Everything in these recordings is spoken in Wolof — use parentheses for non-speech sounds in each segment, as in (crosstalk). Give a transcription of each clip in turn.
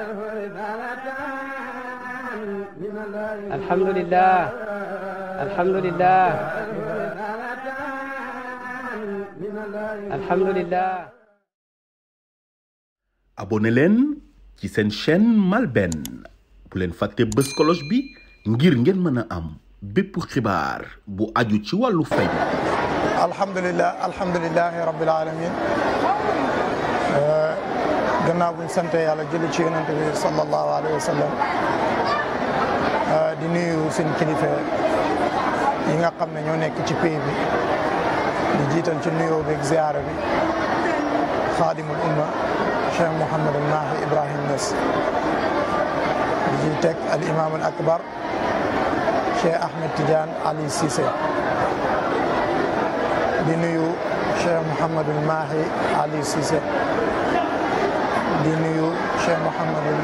alhamdulilah alhamdulilah alhamdulilah abonné leen ci seen chaîne MALBN bu leen fàtte bës cloche bi ngir ngeen mën a am bépp xibaar bu aju ci wàllu fay alhamdulilah alhamdulilahi rabbil alamin gannaaw buñ sante yàlla jëli ci yonent bi sallallahu alayhi wa sallam di nuyu seen kilifa yi nga xam ne ñoo nekk ci pays bi di jiital ci nuyoo beeg ziyaara bi xaadimul umma Cheikh Mouhamed al Mahi Ibrahim Niass di al imam akbar Cheikh Ahmed Tidiane Ali Cissé di nuyu Cheikh Mouhamed al Mahi Ali Cissé di nuyu Cheikh Mouhamadul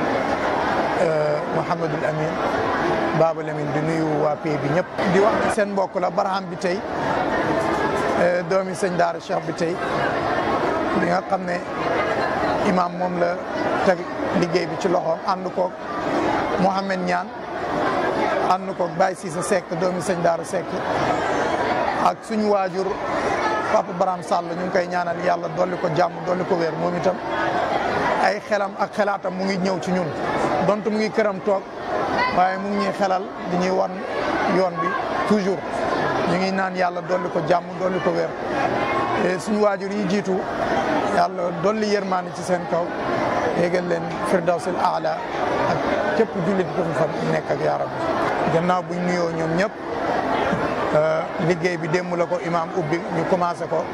euh, Mouhamadul Amin Baba di nuyu waa pays bi ñëpp. di wax ci seen mbokk la Barham bi tey euh, doomi sëñ Daara Cheikh bi tey li nga xam ne imaam moom la teg liggéey bi ci loxoom ànd koog Mouhamed Niane ànd koog Baye Cissé Seck doomi sëñ Daara Seck ak suñu waajur Papa Barham Sall ñu ngi koy ñaanal yàlla dolli ko jàmm dolli ko wér moom itam. ay xelam ak xelaatam mu ngi ñëw ci ñun dont mu ngi këram toog waaye mu ngi ñuy xelal di ñuy wan yoon bi toujours ñu ngi naan yàlla dolli ko jàmm dolli ko wér te suñu waajur yi jiitu yàlla dolli yërmaani ci seen kaw yéegal leen firdawsil aala ak képp jullit bu fa nekk ak yaaram gannaaw buñ nuyoo ñoom ñëpp euh, liggéey bi démb la ko imaam ubbi ñu commencé ko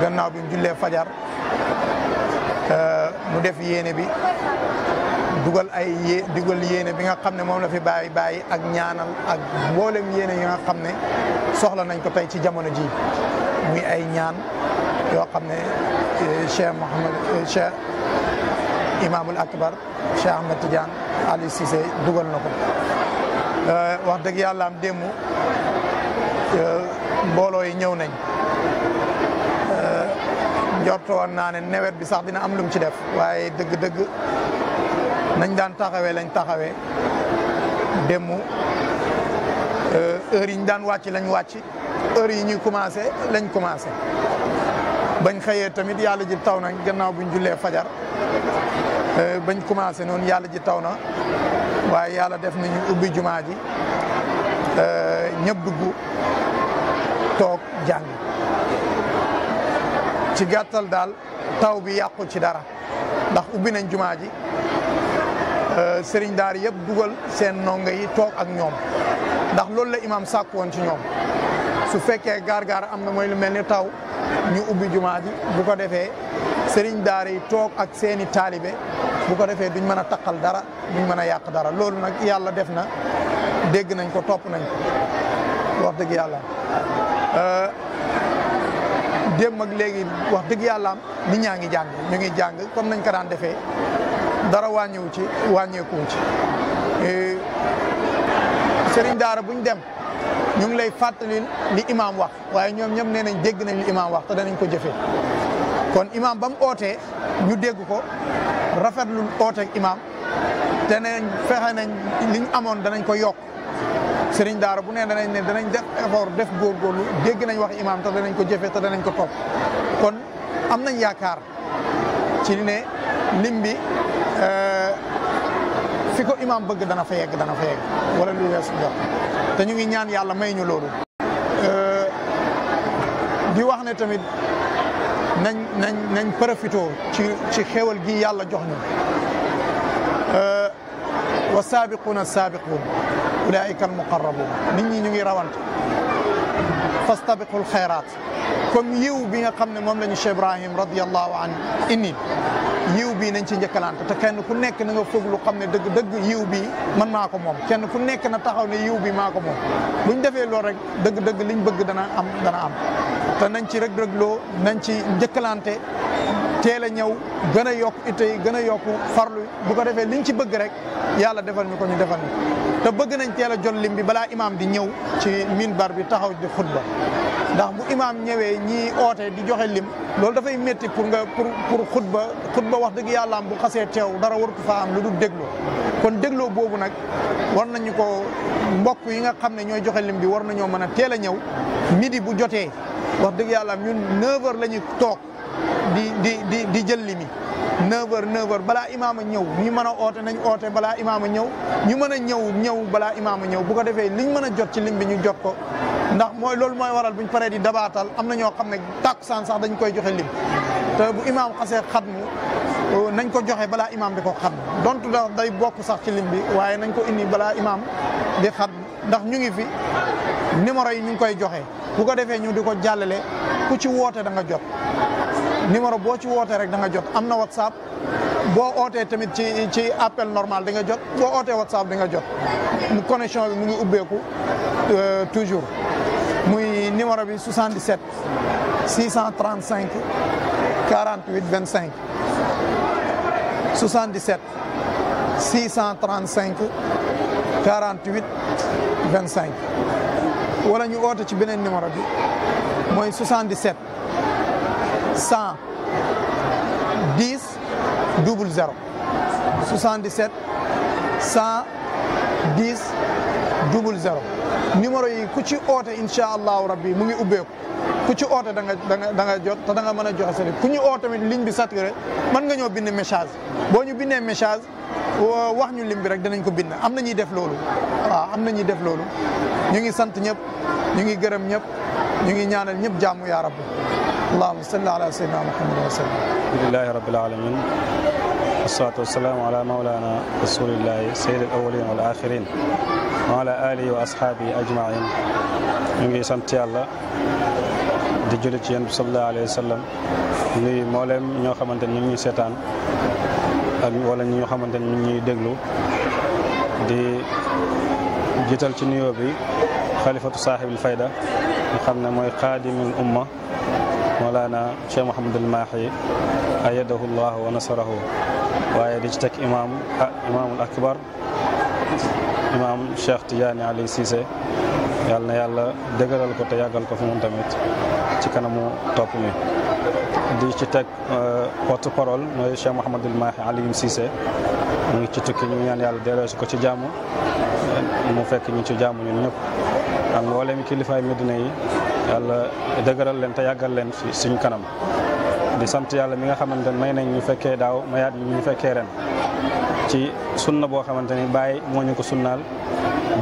gannaaw bi mu jullee fajar Euh, mu def yéene bi dugal ay yé dugal yéene bi nga xam ne moom la fi bàyyi baay ak ñaanal ak mboolem yéene yi nga xam ne soxla nañ ko tey ci jamono ji muy ay ñaan yoo xam ne euh, Cheikh Mouhamad euh, Cheikh Imaamul Akbar Cheikh Ahmed Tidiane Ali Cissé dugal na ko wax dëgg yàlla am démb mbooloo yi ñëw nañ njort woon naa ne nawet bi sax dina am lum ci def waaye dëgg-dëgg nañ daan taxawee lañ taxawee démb euh, heure yi ñu daan wàcc lañ wàcc heure yi ñuy commencé lañ commencé bañ xëyee tamit yàlla ji taw na gannaaw buñ jullee fajar euh, bañ commencé noonu yàlla ji taw na waaye yàlla def nañu ubbi jumaa ji euh, ñëpp dugg toog jàng ci gàttal daal taw bi yàqu ci dara ndax ubbi nañ jumaa ji euh, sëriñ daar yëpp dugal seen ndongo yi toog ak ñoom ndax loolu la imam sàkk woon ci ñoom su fekkee gaar-gaar am na mooy lu mel ni taw ñu ubbi jumaa ji bu ko defee sëriñ daar yi toog ak seeni taalibe bu ko defee duñ mën a taqal dara duñ mën a yàq dara loolu nag yàlla def na dégg nañ ko topp nañ ko wax dëgg yàlla euh, démb ak léegi wax dëgg yàlla ni nit ñaa ngi jàng ñu ngi jàng comme nañ ko daan defee dara wàññiwu ci wàññeekuwu ci eh, sëriñ daara buñ dem ñu ngi lay fàttali li imam wax waaye ñoom ñëpp nee nañ dégg nañ li imaam wax te danañ ko jëfee kon imaam ba mu ñu dégg ko rafetlu ooteeg imaam te ne fexe nañ liñ amoon danañ ko yokk sëriñ daara bu nee danañ ne danañ def effort def góorgóorlu dégg nañ wax imaam te danañ ko jëfee te danañ ko topp kon am nañ yaakaar ci ne lim bi euh, fi ko imaam bëgg dana fa yegg dana fa yegg wala lu weesu jox te ñu ngi ñaan yàlla may ñu loolu euh, di wax ne tamit nañ nañ nañ profité ci ci xéwal gi yàlla jox ñu euh, wa saabiquuna saabiquun ulaika almuqarrabuun nit ñi ñu ngi rawante fastabiqul xayraat comme yiw bi nga xam ne moom la ñu Cheikh Ibrahim radiallahu an indi yiw bii nañ ci njëkkalante te kenn ku nekk na nga foog lu xam ne dëgg dëgg yiw bi man maa ko moom kenn ku nekk na taxaw ne yiw bi maa ko moom bu ñu defee loolu rek dëgg dëgg liñ bëgg dana am dana am te nañ ci rëg-rëgloo nañ ci njëkkalante teel a ñëw gën a yokk ite yi gën a yokk farlu bu ko defee liñ ci bëgg rek yàlla defal ñu ko ñu defal ñu te bëgg nañ teel a jot lim bi balaa imaam di ñëw ci minbar bi taxaw di xutba ndax bu imaam ñëwee ñii oote di joxe lim loolu dafay métti pour nga pour pour xutba xutba wax dëgg yàlla am bu xasee teew dara warut faa am lu dul dégloo kon dégloo boobu nag war nañu ko mbokk yi nga xam ne ñooy joxe lim bi war nañoo mën a teel a ñëw midi bu jotee wax dëgg yàllaam ñun 9h toog. di di di di jël limi 9h 9 balaa imaam a ñëw ñu mën a oote nañ oote balaa imaam a ñëw ñu mën a ñëw ñëw balaa imaam a ñëw bu ko defee liñ mën a jot ci lim bi ñu jot ko ndax mooy loolu mooy waral buñ paree di dabaatal am na ñoo xam ne tàkkusaan sax dañ koy joxe lim te bu imaam xasee xatmu euh, nañ ko joxe balaa imaam di ko xatmu donte daal day bokk sax ci lim bi waaye nañ ko indi balaa imaam di xatmu ndax ñu ngi fi numéro yi ñu koy joxe bu ko defee ñu di ko jàllale ku ci woote da nga jot. numéro boo ci wootee rek da nga jot am na WhatsApp boo ootee tamit ci ci appel normal di nga jot boo ootee WhatsApp di nga jot mu connexion bi mu ngi ubbeeku euh, toujours muy numéro bi 77 635 48 25 77 635 48 25 wala ñu oote ci beneen numéro bi mooy 77. cent dix double zéro 77 cent dix double zéro numéro yi ku ci oote incha allahu rabbi mu ngi ubbeeku ku ci oote da nga da nga jot te da nga mën a joxe seen ku ñu oo tamit ligne bi saturé mën nga ñoo bind message boo ñu bindee message wax ñu lim bi rek danañ ko bind am na ñuy def loolu waa am na ñuy def loolu ñu ngi sant ñëpp ñu ngi gërëm ñëpp ñu ngi ñaanal ñëpp jàmm yaa rabbi allahuma salli ala sayyidina muhammadin wa sallam alhamdulilahi rabbil alamin wasalaatu wasalaamu ala maulana rasulillahi sayyid al awalin wal axirin wa ala alihi wa ashaabihi ajmain ñu ngi sant yàlla di julli ci yéen bi sallallahu alayhi wa sallam nuyu mboolem ñoo xamante ni ñu ngi ñuy seetaan ak wala ñi ñoo xamante ni ñu ngi ñuy déglu di jiital ci nuyoo bi xalifatu saaxibil fayda nga xam ne mooy xaadimul umma Mawlana Cheikh Mouhamadul Mahi ayadahu llah wa nasarahu waaye di ci teg imaam ah, imaamul akbar imaam Cheikh Tidiane Ali Cissé yàlla na yàlla dëgëral ko te yàggal ko fi moom tamit ci kanamu topp di ci teg euh, porte parole mooy Cheikh Mouhamadul Mahi Aliou Cissé mu ngi ci tukki ñu ñaan yàlla delloosi ko ci jàmm mu fekk ñu ci jàmm yàlla dëgëral leen te yàggal leen fi suñ kanam di sant yàlla mi nga xamante ne may nañ ñu fekkee daaw mayaat ñu ñu fekkee ren ci sunna boo xamante ni bàyyi moo ñu ko sunnaal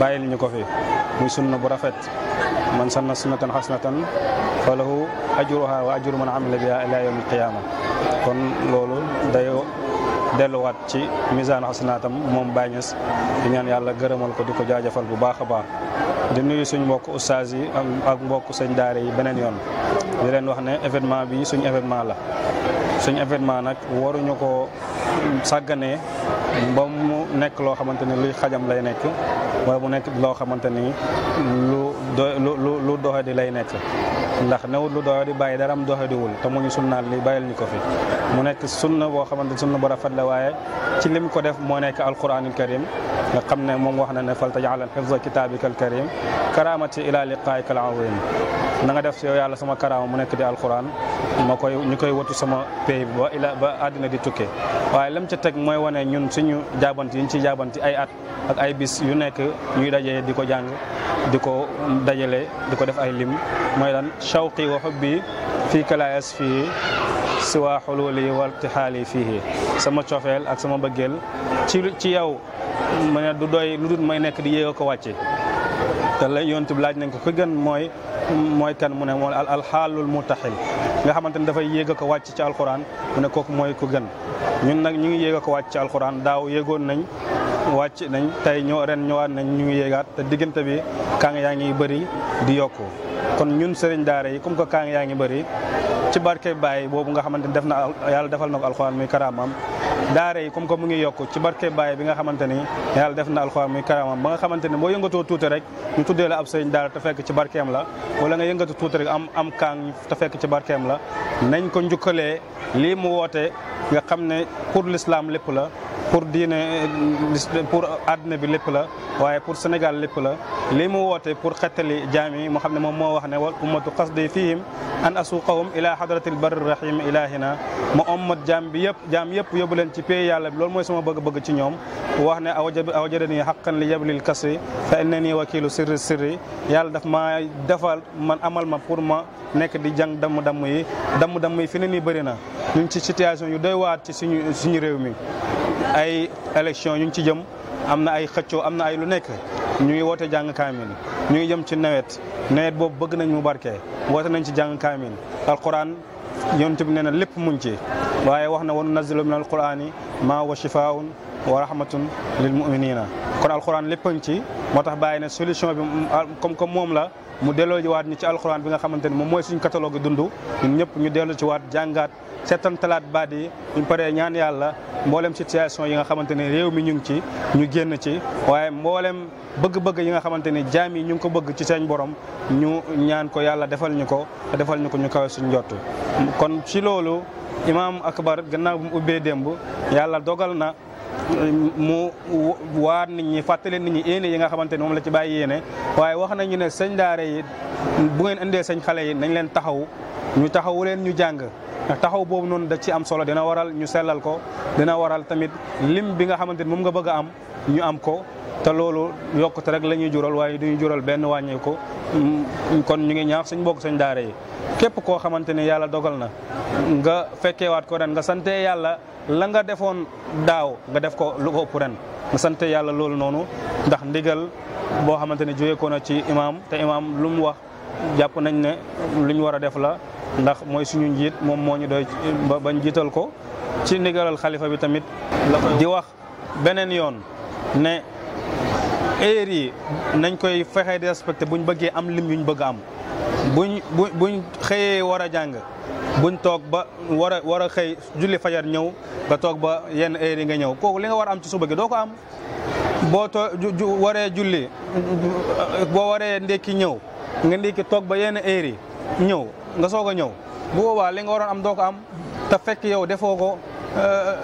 bàyyil ñu ko fi muy sunna bu rafet man sanna sunnatan xasanatan ajur ajruha wa ajru na amila biha ila yawmi alqiyama kon loolu day delluwaat ci misaan xasanaatam moom Baay Ñas di ñaan yàlla gërëmal ko di ko jaajëfal bu baax a baax di nuyu suñ mbokk ustaas yi ak mbokk sëñ daara yi beneen yoon di wax ne événement bi suñ événement la suñ événement nag waruñu ko sàgganee ba mu nekk loo xamante ni luy xajam lay nekk wala mu nekk loo xamante ni lu lu lu doxe di lay nekk ndax newut lu doxe di bàyyi dara am doxe diwul te mu ñu sunnaal li bàyyil ñu ko fi mu nekk sunna boo xamante ni sunna bu rafet la waaye ci lim ko def moo nekk alquranul karim nga xam ne moom wax na ne fal tajaalan xifza kitaabika alkarim karaamati ila liqaayika alazim na nga def si yàlla sama karaama mu nekk di alquran ma koy ñu koy watu sama pays bi ba ila àddina di tukkee waaye lam ca teg mooy wane ñun suñu jaabanti yiñ ci jaabanti ay at ak ay bis yu nekk ñuy dajee di ko jàng di ko dajale di ko def ay lim mooy lan shawqi wa hubbi fii kalaas fii siwa xululi wa irtixaali fii sama cofeel ak sama bëggeel ci ci yow ma ne du doy may nekk di yéega ko wàcce te la yontu bi laaj nañ ko ki gën mooy mooy kan mu ne moom alxaalul mutaxil nga xamante ne dafay yéeg a ko wàcc ci alxuraan mu ne kooku mooy ku gën ñun nag ñu ngi yéeg ko wàcc ci alxuraan daaw yéegoon nañ wàcc nañ tey ñoo ren ñëwaat nañ ñu ngi yéegaat te diggante bi kaang yaa ngi bëri di yokku kon ñun sëriñ daara yi comme que ngi yaa ngi bëri ci barke Baay boobu nga xamante ne def na yàlla defal na ko alxuraan muy karaamam daare yi comme que mu ngi yokk ci barke Baye bi nga xamante ni yàlla def na alxuraan muy karaamam ba nga xamante ni boo yëngatoo tuuti rek ñu tuddee la ab sëñ daara te fekk ci barkeem la wala nga yëngatu tuuti rek am am kaang te fekk ci barkeem la nañ ko njukkalee lii mu woote nga xam ne pour lislaam lépp la pour diine pour àddina bi lépp la waaye pour Sénégal lépp la lii mu woote pour xettali jaam yi mu xam ne moom moo wax ne wal ummatu qasdi fihim an asuqahum ila hadratil barri rahim ilahina ma ommat jaam bi yëpp jaam yëpp yóbbu leen ci pay yàlla bi loolu mooy sama bëgg-bëgg ci ñoom wax ne awjadani haqqan li yablil kasi fa innani wakilu sirri sirri yàlla dafa ma defal man amal ma pour ma nekk di jàng damm-damm yi damm-damm yi fi ne nii bëri na ñu ci situation yu doy waat ci suñu suñu réew mi ay élection ñu ngi ci jëm am na ay xëccoo am na ay lu nekk ñu ngi woote jàng kaamil ñu ngi jëm ci nawet nawet boobu bëgg nañ mu barke woote nañ ci jàng kaamil alquran yonent bi nee na lépp muñ ci waaye wax na wanu nazilu min alqurani ma wa shifaun wa rahmatun lil muminina kon alxuraan lépp ci moo tax bàyyi na solution bi comme kom moom la mu delloo ji waat ñu ci alxuraan bi nga xamante ni moom mooy suñu catalogue dund ñun ñëpp ñu dellu ci waat jàngaat seetaan talaat baat yi ñu paree ñaan yàlla mboolem situation yi nga xamante ne réew mi ñu ngi ci ñu génn ci waaye mboolem bëgg-bëgg yi nga xamante ni jaam yi ñu ngi ko bëgg ci seen borom ñu ñaan ko yàlla defal ñu ko defal ñu ko ñu kawe suñu njott kon ci loolu imaam akbar démb yàlla dogal na mu waat nit ñi fàttali nit ñi yéene yi nga xamante ni moom la ci bàyyi yéene waaye wax nañu ne sëñ daare yi bu ngeen indee sëñ xale yi nañ leen taxaw ñu taxawu leen ñu jàng taxaw boobu noonu da ci am solo dina waral ñu sellal ko dina waral tamit lim bi nga xamante ni moom nga bëgg a am ñu am ko te loolu yokkute rek lañuy ñuy jural waaye du ñu jural benn wàññeeku mm, kon ñu ngi ñaax suñ bokk sëñ daara yi képp koo xamante ni yàlla dogal na nga fekkeewaat ko ren nga sante yàlla la nga defoon daaw nga def ko lu ko ëpp ren nga sante yàlla loolu noonu ndax ndigal boo xamante ne jóge na ci imaam te imaam lu mu wax jàpp nañ ne lu ñu war a def la ndax mooy suñu njiit moom moo ñu doy bañ jiital ko ci ndigalal xalifa bi tamit di wax beneen yoon ne heure yi nañ koy fexe di respecté buñ bëggee am lim yuñ bëgg am bu bu buñ xëyee war a jàng buñ toog ba war a war a xëy julli fajar ñëw nga toog ba yenn heure yi nga ñëw kooku li nga war am ci suba gi doo ko am boo too waree julli boo waree ndékki ñëw nga ndékki toog ba yenn heure yi ñëw nga soog a ñëw bu boobaa li nga am doo ko am te fekk yow defoo ko. Euh,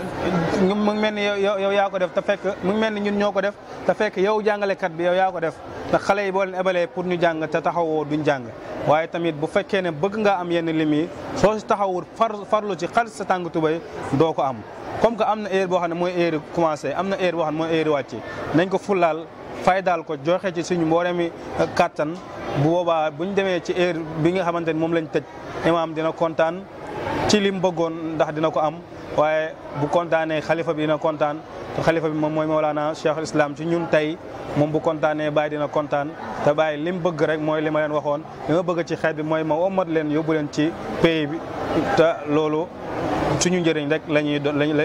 mu ngi mel ni yow yow yaa ko def ta fekk mu ngi mel ni ñun ñoo ko def te fekk yow jàngalekat bi yow yaa ko def ndax xale yi boo leen ebalee pour ñu jàng te taxawoo duñ jàng waaye tamit bu fekkee ne bëgg nga am yenn lim yi soo si taxawul far farlu ci xal sa tàng tubay doo ko am comme que am na erreur boo xam ne mooy erreur commencé am na erreur boo xam ne mooy erreur nañ ko fulaal fay daal ko joxe ci suñu mboolemi kàttan bu boobaa bu ñu demee ci erreur bi nga xamante ni moom lañ tëj imaam dina kontaan ci lim bëggoon ndax dina ko am waaye bu kontaanee xalifa bi dina kontaan te xalifa bi moom mooy Mawlana Cheikh al Islam ci ñun tey moom bu kontaanee Baye dina kontaan te Baye li bëgg rek mooy li ma leen waxoon li bëgg ci xeet bi mooy ma wommat leen yóbbu leen ci pays bi te loolu suñu njëriñ rek la ñuy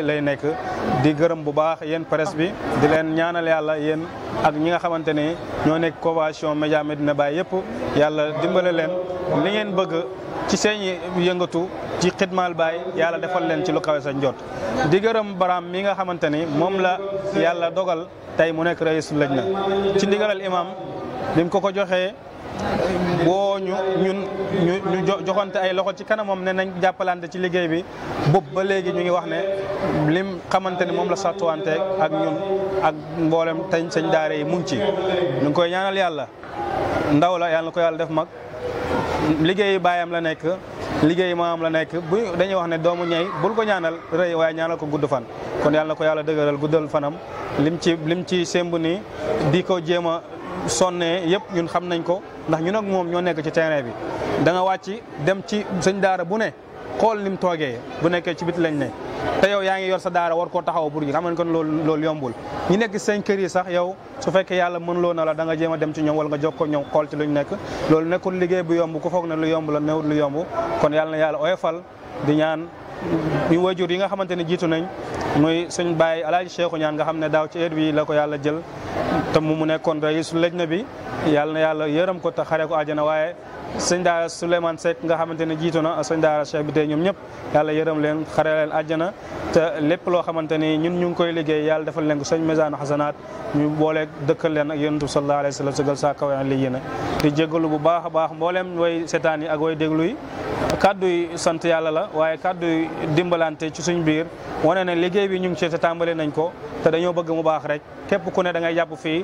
lay nekk di gërëm bu baax yéen presse bi di leen ñaanal yàlla yéen ak ñi nga xamante ne ñoo nekk convention Média dina Baye yëpp yàlla dimbale leen li ngeen bëgg ci seen yëngatu ci xidmaal baay yàlla defal leen ci lu kawe sa njot di gërëm baraam mi nga xamante ni moom la yàlla dogal tey mu nekk raisul na ci ndigalal imam bi mu ko ko joxee boo ñu ñun ñu ñu joxante ay loxo ci kanamam ne nañ jàppalante ci liggéey bi boobu ba léegi ñu ngi wax ne lim xamante ni moom la sàttuwante ak ñun ak mboolem tañ sañ daara yi mu ci. ñu ngi koy ñaanal yàlla ndaw la yàlla na ko yàlla def mag liggéeyu baayam la nekk. liggéey am la nekk bu dañuy wax ne doomu ñey bul ko ñaanal rëy waaye ñaanal ko gudd fan kon yàlla ko yàlla dëgëral guddal fanam lim ci lim ci semb nii di ko jéem a sonnee yëpp ñun xam nañ ko ndax ñu ak moom ñoo nekk ci terrain bi danga nga wàcc dem ci sëñ daara bu ne xool nim toogee bu nekkee ci bit lañ ne te yow yaa ngi yor sa daara war koo taxaw pour ñu xam nga kon loolu loolu yombul ñi nekk seen kër yi sax yow su fekkee yàlla mën loo na la danga nga a dem ci ñoom wala nga jog ko ñoom xool ci luñ nekk loolu nekkul liggéey bu yomb ku foog ne lu yomb la newut lu yomb kon yàlla na fal oyofal di ñaan ñu wajur yi nga xamante ne jiitu nañ muy suñ bàyyi alaaji Cheikhu ñaan nga xam ne daaw ci heure bi la ko yàlla jël te mu nekkoon rey su lëj na bi yàlla na yàlla yërëm ko te xare ko na waay sëñ daara Souleymane Seck nga xamante ne jiitu na sëñ daara Cheikh bi tey ñoom ñëpp yàlla yërëm leen xare leen àjjana te lépp loo xamante ni ñun ñu ngi koy liggéey yàlla defal leen ko sëñ Mizaanu Xasanaat ñu boolee dëkkal leen ak yonent bi sallallahu alayhi wa sallam sëgal saa kaw li yéen di jégalu bu baax a baax mbooleem way seetaan yi ak way déglu yi kàddu yi sant yàlla la waaye kàddu yi dimbalante ci suñ biir wane ne liggéey bi ñu ngi ci te tàmbale nañ ko te dañoo bëgg mu baax rek képp ku ne da ngay fii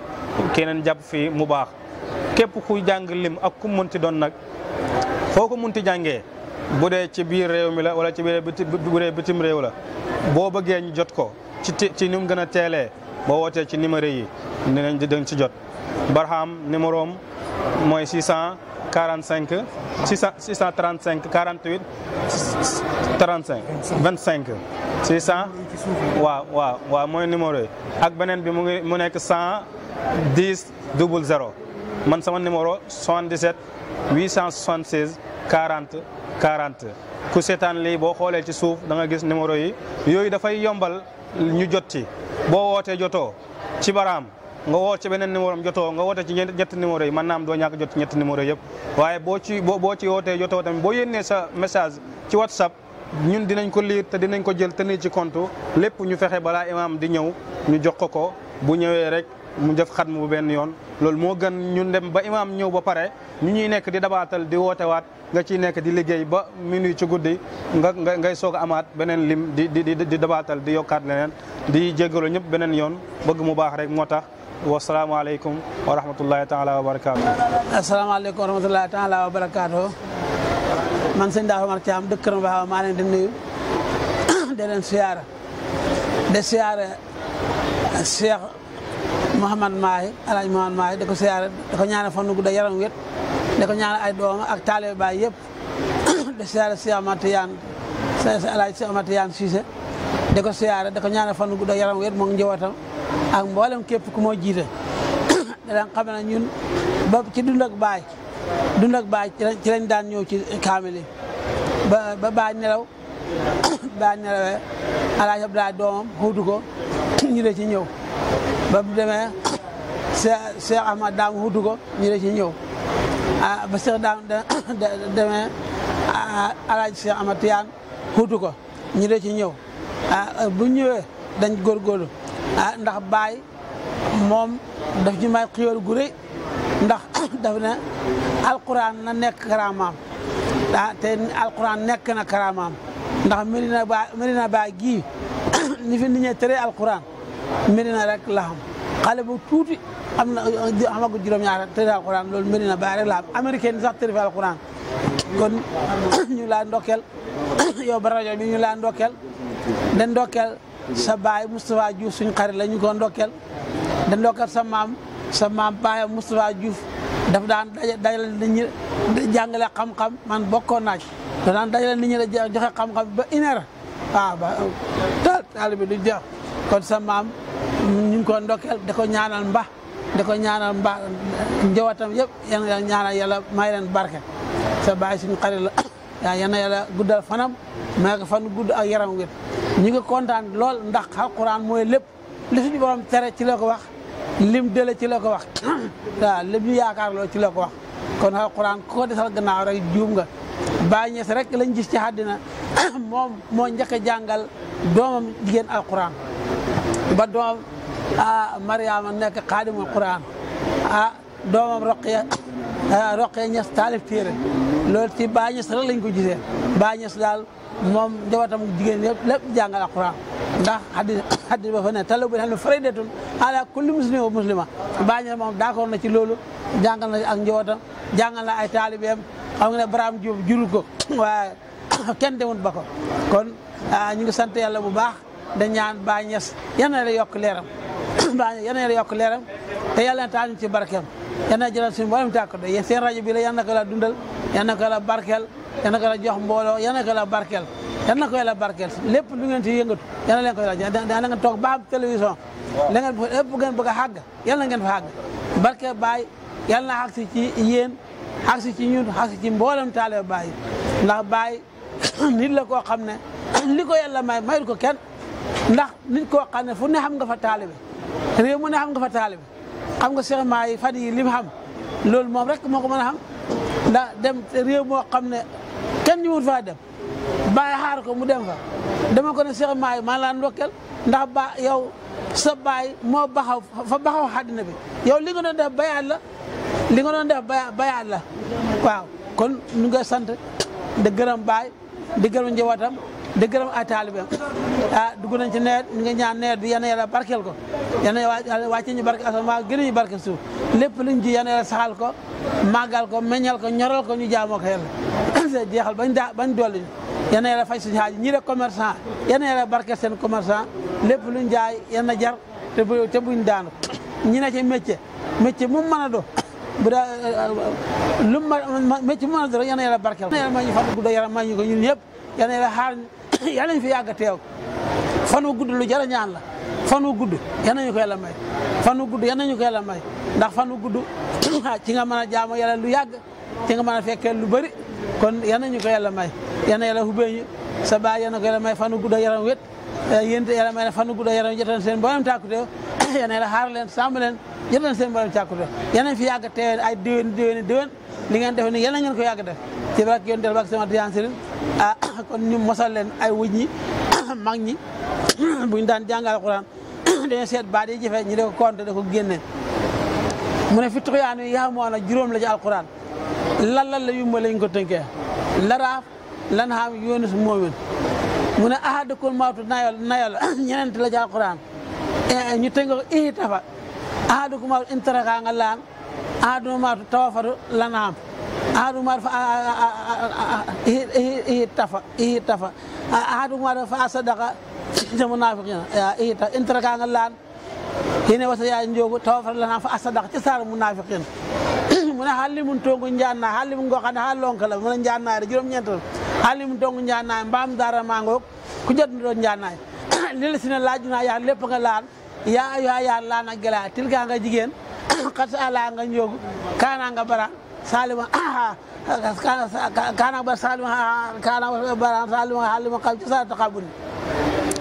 keneen jàpp fii mu baax képp kuy jàng lim ak ku munti doon nag foo ko munti jàngee bu dee ci biir réew mi la wala ci biir bu dee bitim réew la boo bëggee ñu jot ko ci ci ni gën a teelee boo wootee ci numéro yi dinañ dinañ ci jot. Barham numéro am mooy 645 635 48 35 25 600 waaw waaw waaw mooy numéro yi ak beneen bi mu ngi mu nekk 110 00. man sama numéro 77 876 40 40 ku seetaan lii boo xoolee ci suuf da nga gis numéro yi yooyu dafay yombal ñu jot ci boo wootee jotoo ci baraam nga woo ci beneen numéro am jotoo nga woote ci ñetti numéro yi man naam doo ñàkk jot ci ñetti numéro yëpp waaye boo ci boo ci wootee jotoo tamit boo yénnee sa message ci whatsapp ñun dinañ ko liir te dinañ ko jël tenir ci compte lépp ñu fexe balaa imaam di ñëw ñu jox ko ko bu ñëwee rek mu def xatmu mu benn yoon loolu moo gën ñun dem ba imaam ñëw ba pare ñu ñuy nekk di dabaatal di wootewaat nga ciy nekk di liggéey ba minuit ci guddi nga ngay soog a amaat beneen lim di di di dabaatal di yokkaat leneen di jéggalu ñëpp beneen yoon bëgg mu baax rek moo tax wasalaamaaleykum wa rahmatullahi taala wa barakaatu asalaamaaleykum wa rahmatullahi taala wa barakaatu man sëñ Dafa Mar Thiam dëkk Kër Mbaaw maa leen di nuyu (coughs) de leen de siyaara Mouhamad Mahi El Hadj Mouhamad Mahi da ko siyaare da ko ñaanal fan gu da yaram wet da ko ñaanal ay doom ak taalibe baay yëpp (coughs) da siyaare Cheikh Ahmad Tidiane El Hadj Cheikh Ahmad Tidiane Cissé da ko siyaare da ko ñaanal fan gu da yaram wet moom njabootam ak mboolem képp ku moo jiite da (coughs) daan xam ne ñun ba ci dund ak baay dund ak baay ci lañ daan ñëw ci kaamil yi ba ba baay nelaw (coughs) baay nelawee El Hadj Abdoulaye doomam xuutu ko ñu de ci ñëw ba mu demee Cheikh Ahmad daam wutu ko ñu ci ñëw ah ba Cheikh daam (coughs) demee ah, Alaaji Cheikh Ahmad Tiyaan wutu ko ñu ne ci ñëw ah bu ñëwee dañ góorgóorlu ah ndax baay moom daf ñu may xiyóor gu rëy ndax (coughs) daf ne alquran na nekk karaamaam ah te alquran nekk na karaamaam ndax Medina Baay Medina Baay gii (coughs) ni fi nit ñi tëree alquran Medina rek la xam xale bu tuuti am na xamagu juróom-ñaar tëri alquran loolu Medina Baay rek la xam sax tëri fa alquran kon (coughs) ñu laa ndokkeel (coughs) yow ba bi ñu laa ndokkeel da ndokkeel sa baay Moustapha Diouf suñ xarit la ñu ko ndokkeel da ndokkeel sa maam sa maam baayam Moustapha Diouf daf daan dajale nit ñi da jàngale xam-xam man bokkoon naa ci da daan dajale nit ñi da joxe xam-xam ba une heure ah, ba taal bi du jeex kon sa maam ñu ngi ko ndokkeel de ko ñaanal mba de ko ñaanal mba njawatam yëpp yan yàlla ñaanal may leen barke sa bàyyi suñu xarit la (coughs) yaa yal na yàlla guddal fanam may ko fan gudd ak yaram wét ñu ngi kontaan lool ndax alquran mooy lépp li suñu tere ci la ko wax lim dële ci la ko wax (coughs) waaw lim ñu yaakaar loo ci la ko wax kon alquran ku ko desal gannaaw rek juum nga bàyyi ñes rek lañ gis ci àddina (coughs) moom moo njëkk a jàngal doomam jigéen alquran ba doom ah Mariama nekk xaadimul Quraan ah doomam Roqiya Roqiya Ñas taalif téere loolu ci Baay Ñas rek lañ ko gisee Baay Ñas daal moom njabootam jigéen yëpp lépp jàngal Alquraan ndax xadis xadis ba fa ne tala bu xam ne faridatun kulli muslima Baay Ñas moom d'accord na ci loolu jàngal na ak njabootam jàngal na ay taalibeem xam nga ne Baraam Juuf ko (coughs) waaye (coughs) kenn demut ba ko kon ñu ngi sant yàlla bu baax da ñaan Baay Ñas yal na la yokk leeram Baay Ñas yal na la yokk leeram te yàlla na taal ñu ci barkeem yal na jëlal suñu mboolem tàkk do yéen seen rajo bi la yal na ko la dundal yal na ko la barkeel yal na ko la jox mbooloo yal na ko la barkeel yal na koy la barkeel lépp lu ngeen ci yëngatu yal na leen koy la da na ngeen toog ba am télévision la ngeen lépp ngeen bëgg a xàgg yal na ngeen fa xàgg barkeel Baay yal na xàgg si ci yéen xàgg si ci ñun xàgg si ci mboolem taale Baay ndax Baay nit la koo xam ne li ko yàlla may mayul ko kenn ndax nit koo xam ne fu ne xam nga fa taalibe réew mu ne xam nga fa taalibe xam nga Cheikh Maay fan yi li mu xam loolu moom rek moo ko mën a xam ndax dem réew moo xam ne kenn ñu fa dem bàyyi xaar ko mu dem fa dama ko ne Cheikh Maay maa laa ndokkel ndax ba yow sa baay moo baxaw fa baxaw xàddina bi yow li nga doon def bayaat la li nga doon def bayaat la waaw kon ñu ngi sant di gërëm baay di gërëm njabootam di a taalibeem ah dugg nañ ci nawet ñu ngi ñaan nawet bi yal na barkeel ko yal na ñu barke asamaan gën ñu barke suuf lépp luñ ji yal na yàlla ko màggal ko meññal ko ñoral ko ñu jaamoo ko yàlla (coughs) jeexal bañ daa bañ dolli yal na yàlla faj suñu xaaj ñii barkeel seen commerçant lépp luñ jaay yal na jar te bu ñi ne ci métier métier mu mën do bu daa lu ma métier mu mën a do rek yal barkeel yal na yàlla may ñu fan ñu ko ñun ñëpp yal (laughs) yàlla nañ fi yàgg teew fan wu gudd lu jar ñaan la fan wu gudd yal nañu ko yàlla may fan wu gudd yal nañu ko yàlla may ndax fan wu gudd (clears throat) ci nga ma a jaamu yàlla lu yàgg ci nga ma a fekkee lu bëri kon yal nañu ko yàlla may yal na yàlla xubbee ñu sa baay yal na ko yàlla may fan wu gudd yaram wét eh, yéen yàlla may na fan wu gudd yaram jotan seen mboolem tàkkuteew (clears throat) yal na yàlla xaar leen sàmm leen jotan seen mboolem tàkkuteew yal nañ fi yàgg teewee ay déwén déwén déwén li ngeen def ni yal ngeen ko yàgg def ci barke yoon del bak sama ah (coughs) kon ñu mosal leen ay wuj ñi (coughs) mag ñi (coughs) daan jàngal alxuraan dañu seet baat yi jafe ñu de ko compté da génne mu ne fi tuxyaan yi juróom la ci alxuraan lan lan la yumba lañ ko tënkee laraaf ne ahadakul mawtu nayol nayol ñeneent la ci alxuraan eh, ñu tënko ii tafa ahadakum mawtu intaraxaa nga laan ahaduma mawtu tawafatu lan ahaduma fa ihi tafa ihi tafa ahaduma fa sadaqa te munafiqina ihi tafa in taraka nga laan hine wasa yaa njogu tawafar lana fa sadaqa ci saar munafiqin (clears throat) mu ne xaalli mun tongu njanna xaalli mun ngoxane xa lonkala mu ne njannaay de juróom ñeent xaalli mun tongu njannaay mbaam dara mangoog ku jotndo njannaay (clears throat) lil sina laaj naa yaa lépp nga laan yaa yaa yaa laan a gela tilka nga jigéen xat (clears throat) ala nga njogu kana nga salima kana bar salima kana bar salima halima kaw ci sarata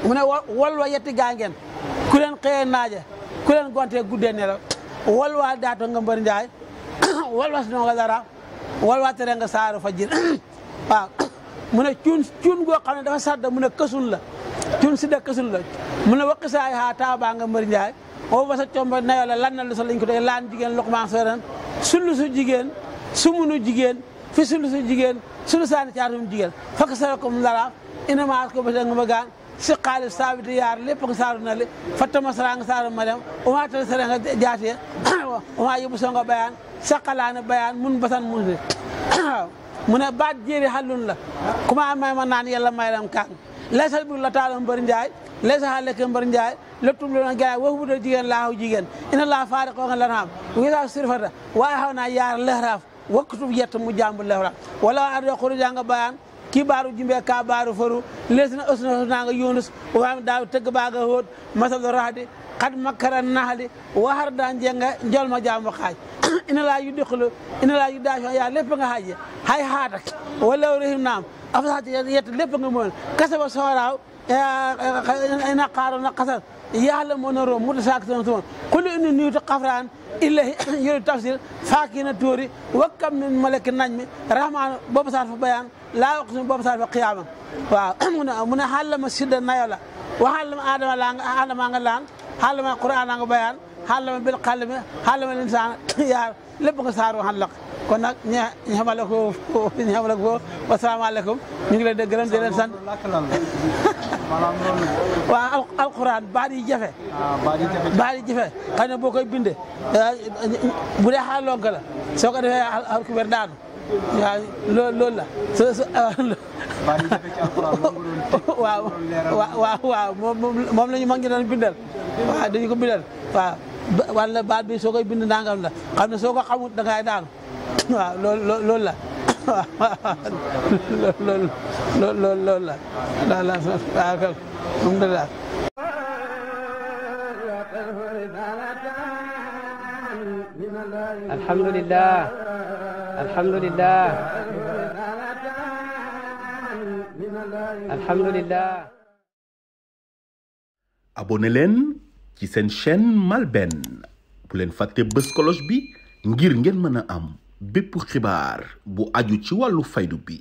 mu ne wol wa yetti gangeen ku leen xëyee naaje ku leen gontee guddee nelaw wol wa daato nga mbër njaay wol wa sinoo nga dara nga saaru fajir waaw mu ne cuun cuun goo xam ne dafa sadda mu ne kësul la cuun si da kësul la mu ne waqi saay ha taabaa nga mbër njaay o wasa comba nayo la lan na lu sa lañ ko tey laan jigéen luqmaan seren sullu su jigéen sumunu jigéen fi sulusu jigéen sulusaani caatum jigéen fakk sarakum laraam inamaas ko basa nga ma gaan si xaalis saabiti yaar lépp nga saaru nali fattama sara nga saaru ma dem uma tali sara nga jaatiye (coughs) uma yóbbu songa bayaan saqalaani bayaan mun basan mun ne (coughs) mu ne baat jéeri xallun la kuma may ma naan yàlla may lam laysal bir la taalum njaay laysa xa lekk mbër njaay lottum loona gaay wax da jigéen laaxu jigéen ina laa faari wakkutub yetta mu jambul lewra wala ar yoquru janga bayan kibaaru jimbe ka baaru faru lesna usna nanga yunus wam daw teg baga hot masal rahdi qad makara nahli wa har da jenga njolma jamu xaaj ina la yudkhulu ina la yudashu ya lepp nga haaje hay haatak wala rahim nam afsati yetta lepp nga mon kasaba soraw ina qaaro na qasal ya'lamuuna rom mutashaakisuuna toon qul inni nuhitu xafraan illahi (coughs) yori tafsir faakina tuuri wa kam min malaki najmi rahmaanu boobu saar fa bayaan laa uqsimu boobu saar fa qiyaama waaw (coughs) mu ne mu ne xaalama sidda nayo la wa xaalama aadama laa nga aadama nga laan xaalama quraan nga bayaan xaalama bil xalami xaalama linsaan (coughs) yaa lépp nga saaru xanlaq kon nag ñu xamale ko ñu xamale ko wasalaamaaleykum ñu ngi leen di gërëm di leen sant (laughs) waaw alquran baat yi jafe baat yi jafe xam ne boo koy binde bu dee xaal lonk soo ko defee alkuber daanu waaw loolu loolu la so (laughs) moom moom la ñu mag ngi doon bindal waaw dañu ko wala baat bi soo koy bind nangam la xam ne soo ko xamut da ngay daanu (laughs) waaw loolu loolu la loolu (laughs) loolu loolu la daal la waaw kay moom la daal. alhamdulilah alhamdulilah alhamdulilah. abonné leen. ci seen chaîne Malben bu leen fàtte bës cloche bi ngir ngeen mën a am bépp xibaar bu aju ci wàllu faydu bi